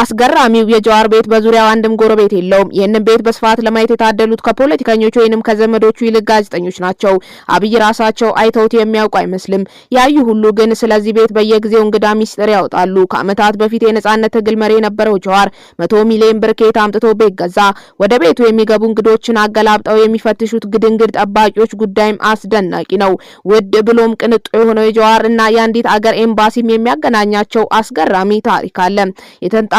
አስገራሚው የጀዋር ቤት በዙሪያው አንድም ጎረቤት የለውም። ይህንን ቤት በስፋት ለማየት የታደሉት ከፖለቲከኞች ወይንም ከዘመዶቹ ይልቅ ጋዜጠኞች ናቸው። አብይ ራሳቸው አይተውት የሚያውቁ አይመስልም። ያዩ ሁሉ ግን ስለዚህ ቤት በየጊዜው እንግዳ ሚስጥር ያወጣሉ። ከዓመታት በፊት የነጻነት ትግል መሪ የነበረው ጀዋር መቶ ሚሊዮን ብር ከየት አምጥቶ ቤት ገዛ? ወደ ቤቱ የሚገቡ እንግዶችን አገላብጠው የሚፈትሹት ግድንግድ ጠባቂዎች ጉዳይም አስደናቂ ነው። ውድ ብሎም ቅንጡ የሆነው የጀዋር እና የአንዲት አገር ኤምባሲም የሚያገናኛቸው አስገራሚ ታሪክ አለ።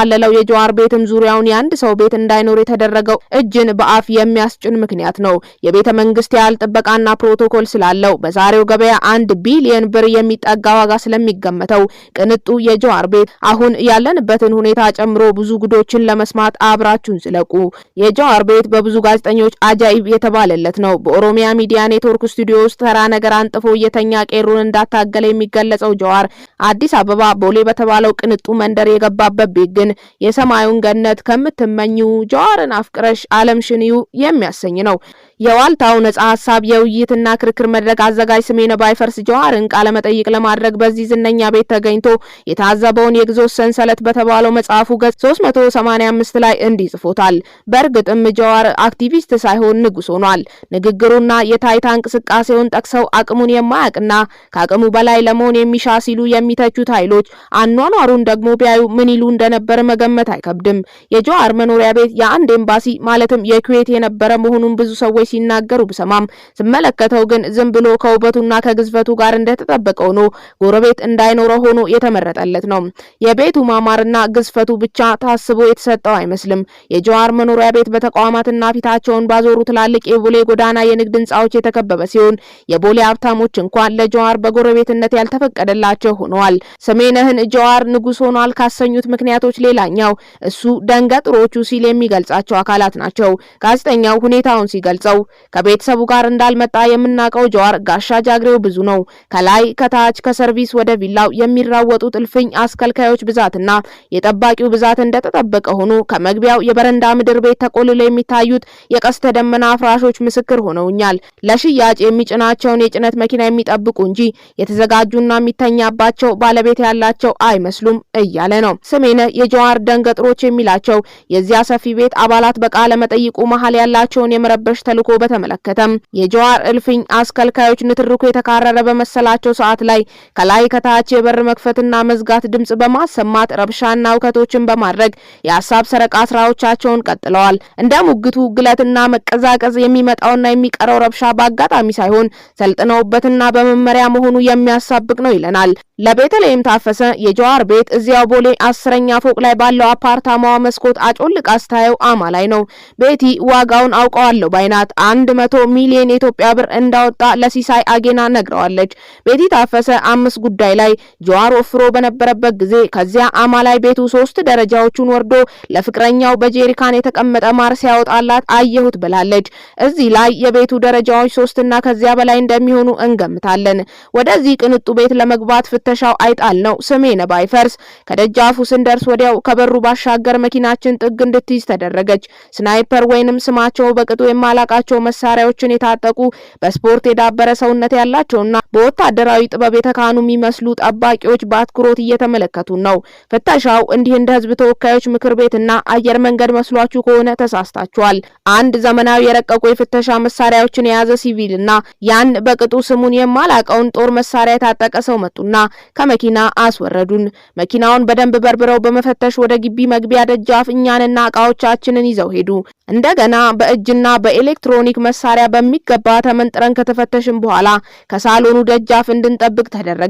በተጠቃለለው የጀዋር ቤትም ዙሪያውን የአንድ ሰው ቤት እንዳይኖር የተደረገው እጅን በአፍ የሚያስጭን ምክንያት ነው። የቤተ መንግስት ያህል ጥበቃና ፕሮቶኮል ስላለው በዛሬው ገበያ አንድ ቢሊየን ብር የሚጠጋ ዋጋ ስለሚገመተው ቅንጡ የጀዋር ቤት አሁን ያለንበትን ሁኔታ ጨምሮ ብዙ ጉዶችን ለመስማት አብራችሁን ስለቁ። የጀዋር ቤት በብዙ ጋዜጠኞች አጃይብ የተባለለት ነው። በኦሮሚያ ሚዲያ ኔትወርክ ስቱዲዮ ውስጥ ተራ ነገር አንጥፎ የተኛ ቄሩን እንዳታገለ የሚገለጸው ጀዋር አዲስ አበባ ቦሌ በተባለው ቅንጡ መንደር የገባበት ቤት ግን የሰማዩን ገነት ከምትመኙ ጀዋርን አፍቅረሽ ዓለምሽን እዩ የሚያሰኝ ነው። የዋልታው ነጻ ሀሳብ የውይይትና ክርክር መድረክ አዘጋጅ ስሜነ ባይፈርስ ጆሃርን ቃለመጠይቅ ለማድረግ በዚህ ዝነኛ ቤት ተገኝቶ የታዘበውን የግዞት ሰንሰለት በተባለው መጽሐፉ ገጽ 385 ላይ እንዲህ ጽፎታል። በእርግጥም ጆሃር አክቲቪስት ሳይሆን ንጉስ ሆኗል። ንግግሩና የታይታ እንቅስቃሴውን ጠቅሰው አቅሙን የማያውቅና ከአቅሙ በላይ ለመሆን የሚሻ ሲሉ የሚተቹት ኃይሎች አኗኗሩን ደግሞ ቢያዩ ምን ይሉ እንደነበረ መገመት አይከብድም። የጆሃር መኖሪያ ቤት የአንድ ኤምባሲ ማለትም የኩዌት የነበረ መሆኑን ብዙ ሰዎች ሲናገሩ ብሰማም ስመለከተው ግን ዝም ብሎ ከውበቱና ከግዝፈቱ ጋር እንደተጠበቀው ነው። ጎረቤት እንዳይኖረው ሆኖ የተመረጠለት ነው። የቤቱ ማማርና ግዝፈቱ ብቻ ታስቦ የተሰጠው አይመስልም። የጀዋር መኖሪያ ቤት በተቋማትና ፊታቸውን ባዞሩ ትላልቅ የቦሌ ጎዳና የንግድ ህንፃዎች የተከበበ ሲሆን የቦሌ ሀብታሞች እንኳን ለጀዋር በጎረቤትነት ያልተፈቀደላቸው ሆነዋል። ሰሜነህን ጀዋር ንጉስ ሆኗል ካሰኙት ምክንያቶች ሌላኛው እሱ ደንገጥሮቹ ሲል የሚገልጻቸው አካላት ናቸው። ጋዜጠኛው ሁኔታውን ሲገልጸው ከቤተሰቡ ጋር እንዳልመጣ የምናውቀው ጀዋር ጋሻ ጃግሬው ብዙ ነው። ከላይ ከታች ከሰርቪስ ወደ ቪላው የሚራወጡት እልፍኝ አስከልካዮች ብዛትና የጠባቂው ብዛት እንደተጠበቀ ሆኖ ከመግቢያው የበረንዳ ምድር ቤት ተቆልለው የሚታዩት የቀስተ ደመና አፍራሾች ምስክር ሆነውኛል። ለሽያጭ የሚጭናቸውን የጭነት መኪና የሚጠብቁ እንጂ የተዘጋጁና የሚተኛባቸው ባለቤት ያላቸው አይመስሉም እያለ ነው። ስሜነ የጀዋር ደንገጥሮች የሚላቸው የዚያ ሰፊ ቤት አባላት በቃለ መጠይቁ መሀል ያላቸውን የመረበሽ ተልኮ ተልዕኮ በተመለከተም የጀዋር እልፍኝ አስከልካዮች ንትርኩ የተካረረ በመሰላቸው ሰዓት ላይ ከላይ ከታች የበር መክፈትና መዝጋት ድምጽ በማሰማት ረብሻና እውከቶችን በማድረግ የሀሳብ ሰረቃ ስራዎቻቸውን ቀጥለዋል። እንደ ሙግቱ ግለትና መቀዛቀዝ የሚመጣውና የሚቀረው ረብሻ በአጋጣሚ ሳይሆን ሰልጥነውበትና በመመሪያ መሆኑ የሚያሳብቅ ነው ይለናል። ለቤተልሔም ታፈሰ የጀዋር ቤት እዚያው ቦሌ አስረኛ ፎቅ ላይ ባለው አፓርታማዋ መስኮት አጮልቃ ስታየው አማ ላይ ነው። ቤቲ ዋጋውን አውቀዋለሁ ባይናት አንድ መቶ ሚሊዮን የኢትዮጵያ ብር እንዳወጣ ለሲሳይ አጌና ነግረዋለች። ቤቲ ታፈሰ አምስት ጉዳይ ላይ ጀዋር ወፍሮ በነበረበት ጊዜ ከዚያ አማ ላይ ቤቱ ሶስት ደረጃዎቹን ወርዶ ለፍቅረኛው በጄሪካን የተቀመጠ ማር ሲያወጣላት አየሁት ብላለች። እዚህ ላይ የቤቱ ደረጃዎች ሶስትና ከዚያ በላይ እንደሚሆኑ እንገምታለን። ወደዚህ ቅንጡ ቤት ለመግባት ፍተ መፈተሻው አይጣል ነው ስሜ ባይፈርስ ከደጃፉ ስንደርስ ወዲያው ከበሩ ባሻገር መኪናችን ጥግ እንድትይዝ ተደረገች። ስናይፐር ወይንም ስማቸው በቅጡ የማላቃቸው መሳሪያዎችን የታጠቁ በስፖርት የዳበረ ሰውነት ያላቸውና በወታደራዊ ጥበብ የተካኑ የሚመስሉ ጠባቂዎች በአትኩሮት እየተመለከቱን ነው። ፍተሻው እንዲህ እንደ ህዝብ ተወካዮች ምክር ቤትና አየር መንገድ መስሏችሁ ከሆነ ተሳስታችኋል። አንድ ዘመናዊ የረቀቁ የፍተሻ መሳሪያዎችን የያዘ ሲቪል ና ያን በቅጡ ስሙን የማላቀውን ጦር መሳሪያ የታጠቀ ሰው መጡና ከመኪና አስወረዱን። መኪናውን በደንብ በርብረው በመፈተሽ ወደ ግቢ መግቢያ ደጃፍ እኛንና እቃዎቻችንን ይዘው ሄዱ። እንደገና በእጅና በኤሌክትሮኒክ መሳሪያ በሚገባ ተመንጥረን ከተፈተሽን በኋላ ከሳሎኑ ደጃፍ እንድንጠብቅ ተደረገ።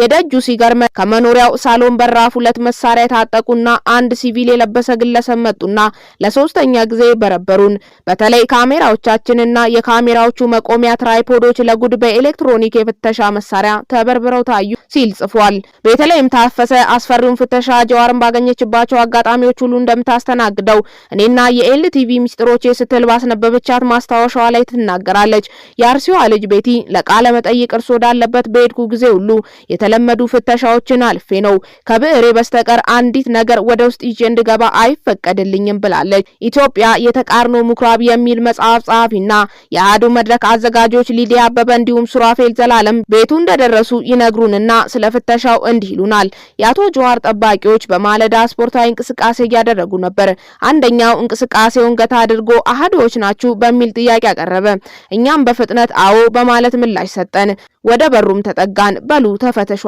የደጁ ሲገርመ ከመኖሪያው ሳሎን በራፍ ሁለት መሳሪያ የታጠቁና አንድ ሲቪል የለበሰ ግለሰብ መጡና ለሶስተኛ ጊዜ በረበሩን። በተለይ ካሜራዎቻችንና የካሜራዎቹ መቆሚያ ትራይፖዶች ለጉድ በኤሌክትሮኒክ የፍተሻ መሳሪያ ተበርብረው ታዩ ሲል ሲል ጽፏል። በተለይም ታፈሰ አስፈሪውን ፍተሻ ጀዋርን ባገኘችባቸው አጋጣሚዎች ሁሉ እንደምታስተናግደው እኔና የኤልቲቪ ሚስጥሮቼ ስትል ባስነበበቻት ማስታወሻዋ ላይ ትናገራለች። የአርሲዋ ልጅ ቤቲ ለቃለ መጠይቅ እርስ ወዳለበት በሄድኩ ጊዜ ሁሉ የተለመዱ ፍተሻዎችን አልፌ ነው ከብዕሬ በስተቀር አንዲት ነገር ወደ ውስጥ ይዤ እንድገባ አይፈቀድልኝም ብላለች። ኢትዮጵያ የተቃርኖ ምኩራብ የሚል መጽሐፍ ጸሐፊና የአህዱ መድረክ አዘጋጆች ሊዲያ አበበ እንዲሁም ሱራፌል ዘላለም ቤቱ እንደደረሱ ይነግሩንና ስለ ፍተሻው እንዲህ ይሉናል። የአቶ ጀዋር ጠባቂዎች በማለዳ ስፖርታዊ እንቅስቃሴ እያደረጉ ነበር። አንደኛው እንቅስቃሴውን ገታ አድርጎ አህዶዎች ናችሁ በሚል ጥያቄ አቀረበ። እኛም በፍጥነት አዎ በማለት ምላሽ ሰጠን። ወደ በሩም ተጠጋን። በሉ ተፈተሹ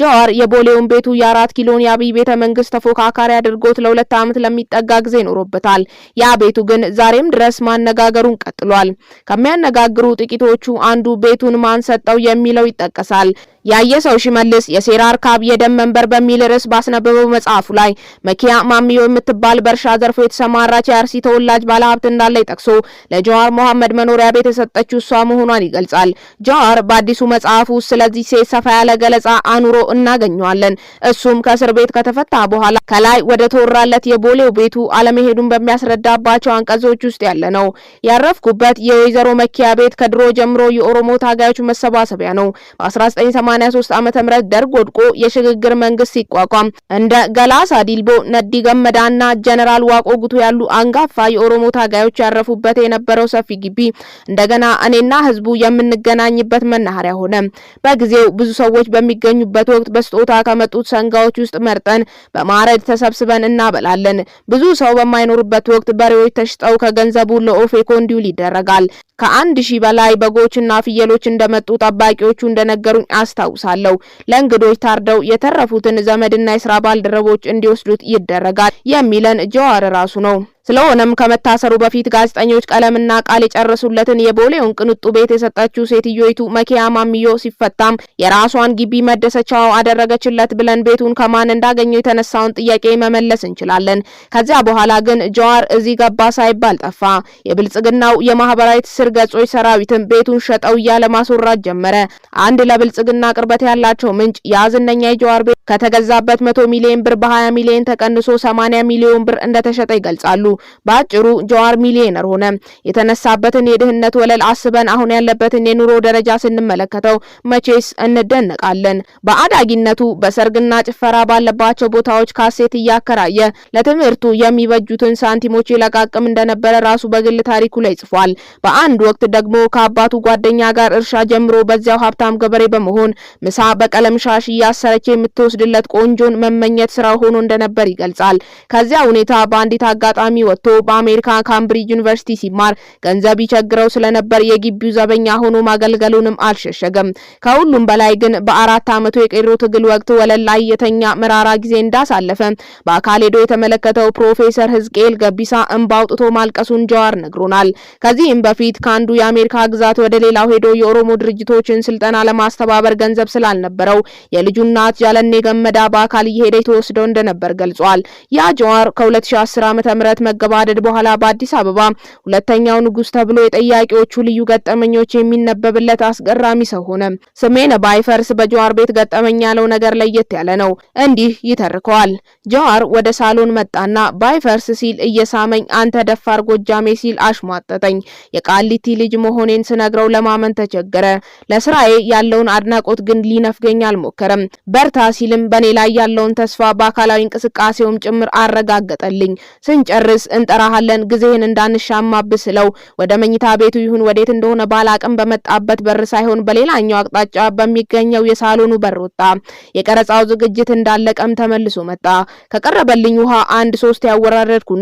ጀዋር የቦሌውን ቤቱ የአራት ኪሎን የአብይ ቤተ መንግስት ተፎካካሪ አድርጎት ለሁለት ዓመት ለሚጠጋ ጊዜ ኖሮበታል። ያ ቤቱ ግን ዛሬም ድረስ ማነጋገሩን ቀጥሏል። ከሚያነጋግሩ ጥቂቶቹ አንዱ ቤቱን ማን ሰጠው የሚለው ይጠቀሳል። ያየሰው ሽመልስ የሴራ አርካብ የደም መንበር በሚል ርዕስ ባስነበበው መጽሐፉ ላይ መኪያ ማሚዮ የምትባል በእርሻ ዘርፎ የተሰማራች የአርሲ ተወላጅ ባለሀብት እንዳለ ጠቅሶ ለጀዋር መሐመድ መኖሪያ ቤት የሰጠችው እሷ መሆኗን ይገልጻል። ጀዋር በአዲሱ መጽሐፉ ስለዚህ ሴት ሰፋ ያለ ገለጻ አኑሮ እናገኘዋለን። እሱም ከእስር ቤት ከተፈታ በኋላ ከላይ ወደ ተወራለት የቦሌው ቤቱ አለመሄዱን በሚያስረዳባቸው አንቀጾች ውስጥ ያለ ነው። ያረፍኩበት የወይዘሮ መኪያ ቤት ከድሮ ጀምሮ የኦሮሞ ታጋዮች መሰባሰቢያ ነው። በ 1983 ምህረት ደርግ ወድቆ የሽግግር መንግስት ሲቋቋም እንደ ገላሳ ዲልቦ፣ ነዲ ገመዳና ጀነራል ዋቆ ጉቱ ያሉ አንጋፋ የኦሮሞ ታጋዮች ያረፉበት የነበረው ሰፊ ግቢ እንደገና እኔና ህዝቡ የምንገናኝበት መናኸሪያ ሆነ። በጊዜው ብዙ ሰዎች በሚገኙበት ወቅት በስጦታ ከመጡት ሰንጋዎች ውስጥ መርጠን በማረድ ተሰብስበን እናበላለን። ብዙ ሰው በማይኖርበት ወቅት በሬዎች ተሽጠው ከገንዘቡ ለኦፌኮ እንዲውል ይደረጋል። ከአንድ ሺህ በላይ በጎችና ፍየሎች እንደመጡ ጠባቂዎቹ እንደነገሩኝ አስታ አስታውሳለሁ። ለእንግዶች ታርደው የተረፉትን ዘመድና የስራ ባልደረቦች እንዲወስዱት ይደረጋል የሚለን ጀዋር ራሱ ነው። ስለሆነም ከመታሰሩ በፊት ጋዜጠኞች ቀለምና ቃል የጨረሱለትን የቦሌውን ቅንጡ ቤት የሰጠችው ሴትዮይቱ መኪያ ማሚዮ ሲፈታም የራሷን ግቢ መደሰቻው አደረገችለት ብለን ቤቱን ከማን እንዳገኘው የተነሳውን ጥያቄ መመለስ እንችላለን። ከዚያ በኋላ ግን ጀዋር እዚህ ገባ ሳይባል ጠፋ። የብልጽግናው የማህበራዊ ትስስር ገጾች ሰራዊትም ቤቱን ሸጠው እያለ ማስወራት ጀመረ። አንድ ለብልጽግና ቅርበት ያላቸው ምንጭ የአዝነኛ የጀዋር ቤት ከተገዛበት መቶ ሚሊዮን ብር በ20 ሚሊዮን ተቀንሶ 80 ሚሊዮን ብር እንደተሸጠ ይገልጻሉ። በአጭሩ ጀዋር ሚሊዮነር ሆነ። የተነሳበትን የድህነት ወለል አስበን አሁን ያለበትን የኑሮ ደረጃ ስንመለከተው መቼስ እንደነቃለን። በአዳጊነቱ በሰርግና ጭፈራ ባለባቸው ቦታዎች ካሴት እያከራየ ለትምህርቱ የሚበጁትን ሳንቲሞች ይለቃቅም እንደነበረ ራሱ በግል ታሪኩ ላይ ጽፏል። በአንድ ወቅት ደግሞ ከአባቱ ጓደኛ ጋር እርሻ ጀምሮ በዚያው ሀብታም ገበሬ በመሆን ምሳ በቀለም ሻሽ እያሰረች የምትወስ የሚወስድለት ቆንጆን መመኘት ስራው ሆኖ እንደነበር ይገልጻል። ከዚያ ሁኔታ በአንዲት አጋጣሚ ወጥቶ በአሜሪካ ካምብሪጅ ዩኒቨርሲቲ ሲማር ገንዘብ ይቸግረው ስለነበር የግቢው ዘበኛ ሆኖ ማገልገሉንም አልሸሸገም። ከሁሉም በላይ ግን በአራት አመቱ የቄሮ ትግል ወቅት ወለል ላይ የተኛ መራራ ጊዜ እንዳሳለፈ በአካል ሄዶ የተመለከተው ፕሮፌሰር ህዝቅኤል ገቢሳ እንባ አውጥቶ ማልቀሱን ጀዋር ነግሮናል። ከዚህም በፊት ከአንዱ የአሜሪካ ግዛት ወደ ሌላው ሄዶ የኦሮሞ ድርጅቶችን ስልጠና ለማስተባበር ገንዘብ ስላልነበረው የልጁ እናት ጃለኔ ገመዳ በአካል እየሄደ ተወስደው እንደነበር ገልጿል። ያ ጀዋር ከ2010 ዓ.ም መገባደድ በኋላ በአዲስ አበባ ሁለተኛው ንጉስ ተብሎ የጠያቂዎቹ ልዩ ገጠመኞች የሚነበብለት አስገራሚ ሰው ሆነ። ስሜነ ባይፈርስ በጀዋር ቤት ገጠመኝ ያለው ነገር ለየት ያለ ነው። እንዲህ ይተርከዋል። ጀዋር ወደ ሳሎን መጣና ባይፈርስ ሲል እየሳመኝ አንተ ደፋር ጎጃሜ ሲል አሽሟጠጠኝ። የቃሊቲ ልጅ መሆኔን ስነግረው ለማመን ተቸገረ። ለስራዬ ያለውን አድናቆት ግን ሊነፍገኝ አልሞከረም። በርታ ሲል በግልም በኔ ላይ ያለውን ተስፋ በአካላዊ እንቅስቃሴውም ጭምር አረጋገጠልኝ። ስንጨርስ እንጠራሃለን ጊዜህን እንዳንሻማብ ስለው ወደ መኝታ ቤቱ ይሁን ወዴት እንደሆነ ባላቅም በመጣበት በር ሳይሆን በሌላኛው አቅጣጫ በሚገኘው የሳሎኑ በር ወጣ። የቀረጻው ዝግጅት እንዳለቀም ተመልሶ መጣ። ከቀረበልኝ ውሃ አንድ ሶስት ያወራረድኩና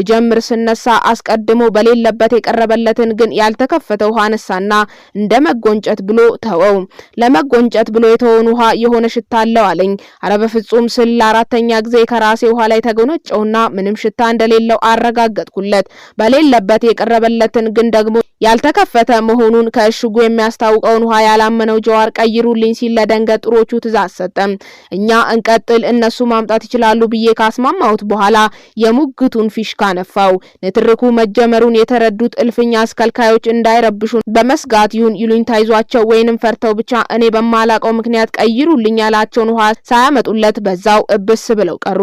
ልጀምር ስነሳ አስቀድሞ በሌለበት የቀረበለትን ግን ያልተከፈተ ውሃ ነሳና እንደ መጎንጨት ብሎ ተወው። ለመጎንጨት ብሎ የተወውን ውሃ የሆነ ሽታ አለው አለኝ። አረ በፍጹም ስል ለአራተኛ ጊዜ ከራሴ ውሃ ላይ ተጎነጨውና ምንም ሽታ እንደሌለው አረጋገጥኩለት። በሌለበት የቀረበለትን ግን ደግሞ ያልተከፈተ መሆኑን ከእሽጉ የሚያስታውቀውን ውሃ ያላመነው ጀዋር ቀይሩልኝ ሲል ለደንገጥሮቹ ትእዛዝ ሰጠም። እኛ እንቀጥል እነሱ ማምጣት ይችላሉ ብዬ ካስማማሁት በኋላ የሙግቱን ፊሽካ ነፋው። ንትርኩ መጀመሩን የተረዱት እልፍኛ አስከልካዮች እንዳይረብሹን በመስጋት ይሁን ይሉኝ ታይዟቸው ወይንም ፈርተው ብቻ እኔ በማላቀው ምክንያት ቀይሩልኝ ያላቸውን ውሃ ሳያመጡለት በዛው እብስ ብለው ቀሩ።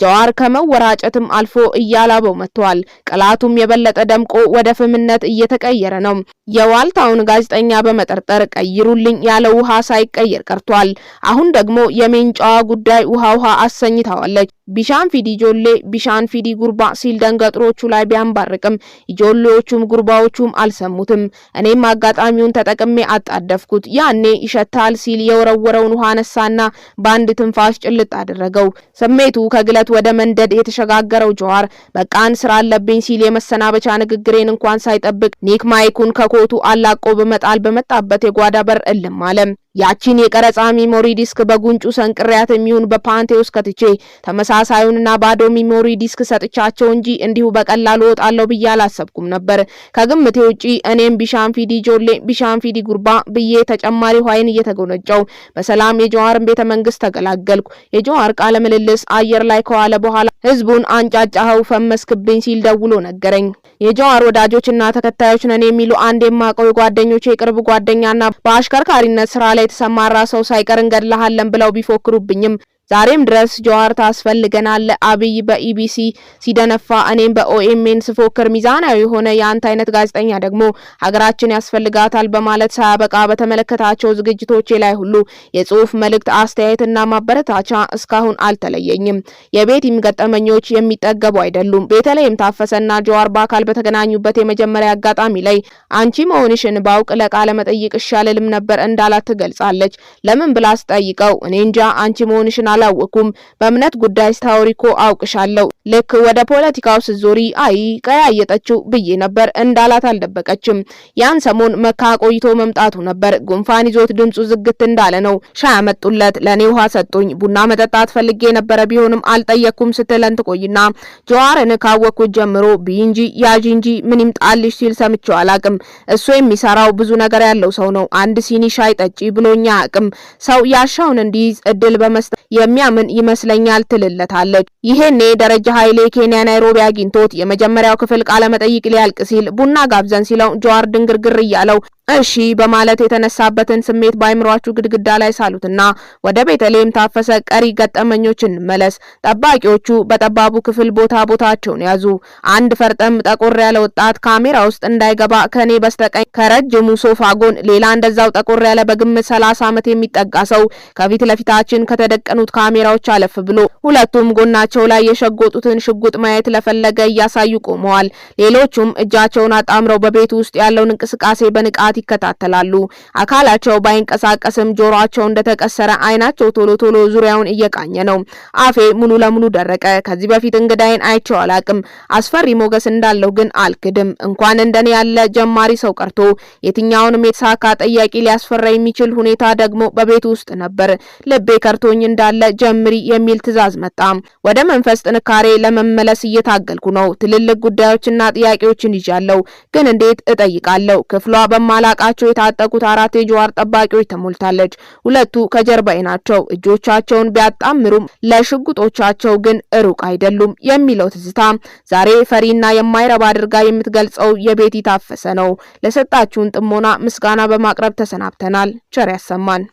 ጀዋር ከመወራጨትም አልፎ እያላበው መጥቷል። ቅላቱም የበለጠ ደምቆ ወደ ፍምነት እየተቀየረ ነው። የዋልታውን ጋዜጠኛ በመጠርጠር ቀይሩልኝ ያለው ውሃ ሳይቀየር ቀርቷል። አሁን ደግሞ የሜንጫዋ ጉዳይ ውሃ ውሃ አሰኝታዋለች። ቢሻን ፊዲ ጆሌ ቢሻን ፊዲ ጉርባ ሲል ደንገጥሮቹ ላይ ቢያንባርቅም ጆሌዎቹም ጉርባዎቹም አልሰሙትም። እኔም አጋጣሚውን ተጠቅሜ አጣደፍኩት። ያኔ ይሸታል ሲል የወረወረውን ውሃ ነሳና በአንድ ትንፋሽ ጭልጥ አደረገው። ስሜቱ ከግለት ወደ መንደድ የተሸጋገረው ጀዋር በቃን ስራ አለብኝ ሲል የመሰናበቻ ንግግሬን እንኳን ሳይጠብቅ ኒክ ማይኩን ከኮቱ አላቆ በመጣል በመጣበት የጓዳ በር እልም አለ። ያቺን የቀረጻ ሚሞሪ ዲስክ በጉንጩ ሰንቅሪያት የሚሆን በፓንቴዎስ ከትቼ ተመሳሳዩንና ባዶ ሚሞሪ ዲስክ ሰጥቻቸው እንጂ እንዲሁ በቀላሉ ወጣለሁ ብዬ አላሰብኩም ነበር። ከግምቴ ውጪ እኔም ቢሻንፊዲ ጆሌ፣ ቢሻንፊዲ ጉርባ ብዬ ተጨማሪ ኋይን እየተጎነጨው በሰላም የጀዋርን ቤተ መንግስት ተገላገልኩ። የጀዋር ቃለ ምልልስ አየር ላይ ከዋለ በኋላ ህዝቡን አንጫጫኸው ፈመስክብኝ ሲል ደውሎ ነገረኝ። የጀዋር ወዳጆችና ተከታዮች ነን የሚሉ አንድ የማውቀው የጓደኞች የቅርብ ጓደኛና በአሽከርካሪነት ስራ ላይ የተሰማራ ሰው ሳይቀር እንገድልሃለን ብለው ቢፎክሩብኝም ዛሬም ድረስ ጀዋር ታስፈልገናል። አብይ በኢቢሲ ሲደነፋ እኔም በኦኤምኤን ስፎክር ሚዛናዊ የሆነ የአንተ አይነት ጋዜጠኛ ደግሞ ሀገራችን ያስፈልጋታል በማለት ሳያበቃ በተመለከታቸው ዝግጅቶቼ ላይ ሁሉ የጽሁፍ መልእክት፣ አስተያየትና ማበረታቻ እስካሁን አልተለየኝም። የቤት የሚገጠመኞች የሚጠገቡ አይደሉም። በተለይም ታፈሰና ጀዋር በአካል በተገናኙበት የመጀመሪያ አጋጣሚ ላይ አንቺ መሆንሽን ባውቅ ለቃለ መጠይቅ እሻልልም ነበር እንዳላት ትገልጻለች። ለምን ብላ ስጠይቀው እኔ እንጃ አንቺ መሆንሽን አላወኩም። በእምነት ጉዳይ ታውሪኮ አውቅሻለሁ። ልክ ወደ ፖለቲካው ስዞሪ አይ ቀያየጠችው ብዬ ነበር እንዳላት አልደበቀችም። ያን ሰሞን መካ ቆይቶ መምጣቱ ነበር። ጉንፋን ይዞት ድምፁ ዝግት እንዳለ ነው። ሻይ አመጡለት፣ ለእኔ ውሃ ሰጡኝ። ቡና መጠጣት ፈልጌ ነበረ ቢሆንም አልጠየቅኩም ስትለን ትቆይና ጀዋርን ካወቅኩት ጀምሮ ብይ እንጂ ያዥ እንጂ ምን ይምጣልሽ ሲል ሰምቼው አላቅም። እሱ የሚሰራው ብዙ ነገር ያለው ሰው ነው። አንድ ሲኒ ሻይ ጠጪ ብሎኛ አቅም ሰው ያሻውን እንዲይዝ እድል በመስጠት እንደሚያምን ይመስለኛል ትልለታለች። ይሄኔ ደረጃ ኃይሌ ኬንያ ናይሮቢ አግኝቶት የመጀመሪያው ክፍል ቃለመጠይቅ ሊያልቅ ሲል ቡና ጋብዘን ሲለው ጀዋር ድንግርግር እያለው እሺ በማለት የተነሳበትን ስሜት በአይምሯችሁ ግድግዳ ላይ ሳሉትና ወደ ቤተልሔም ታፈሰ ቀሪ ገጠመኞች እንመለስ። ጠባቂዎቹ በጠባቡ ክፍል ቦታ ቦታቸውን ያዙ። አንድ ፈርጠም ጠቆር ያለ ወጣት ካሜራ ውስጥ እንዳይገባ ከኔ በስተቀኝ ከረጅሙ ሶፋ ጎን ሌላ እንደዛው ጠቆር ያለ በግምት 30 ዓመት የሚጠጋ ሰው ከፊት ለፊታችን ከተደቀኑት ካሜራዎች አለፍ ብሎ ሁለቱም ጎናቸው ላይ የሸጎጡትን ሽጉጥ ማየት ለፈለገ እያሳዩ ቆመዋል። ሌሎቹም እጃቸውን አጣምረው በቤቱ ውስጥ ያለውን እንቅስቃሴ በንቃት ይከታተላሉ። አካላቸው ባይንቀሳቀስም ጆሮአቸው እንደተቀሰረ አይናቸው ቶሎ ቶሎ ዙሪያውን እየቃኘ ነው። አፌ ሙሉ ለሙሉ ደረቀ። ከዚህ በፊት እንግዳይን አይቸው አላቅም። አስፈሪ ሞገስ እንዳለው ግን አልክድም። እንኳን እንደኔ ያለ ጀማሪ ሰው ቀርቶ የትኛውንም የተሳካ ጠያቂ ሊያስፈራ የሚችል ሁኔታ ደግሞ በቤት ውስጥ ነበር። ልቤ ከርቶኝ እንዳለ ጀምሪ የሚል ትዕዛዝ መጣ። ወደ መንፈስ ጥንካሬ ለመመለስ እየታገልኩ ነው። ትልልቅ ጉዳዮችና ጥያቄዎችን ይዣለሁ፣ ግን እንዴት እጠይቃለሁ? ክፍሏ በማላ በምላቃቸው የታጠቁት አራት የጀዋር ጠባቂዎች ተሞልታለች። ሁለቱ ከጀርባዬ ናቸው። እጆቻቸውን ቢያጣምሩም ለሽጉጦቻቸው ግን ሩቅ አይደሉም የሚለው ትዝታ ዛሬ ፈሪና የማይረባ አድርጋ የምትገልጸው የቤቲ ታፈሰ ነው። ለሰጣችሁን ጥሞና ምስጋና በማቅረብ ተሰናብተናል። ቸር ያሰማን።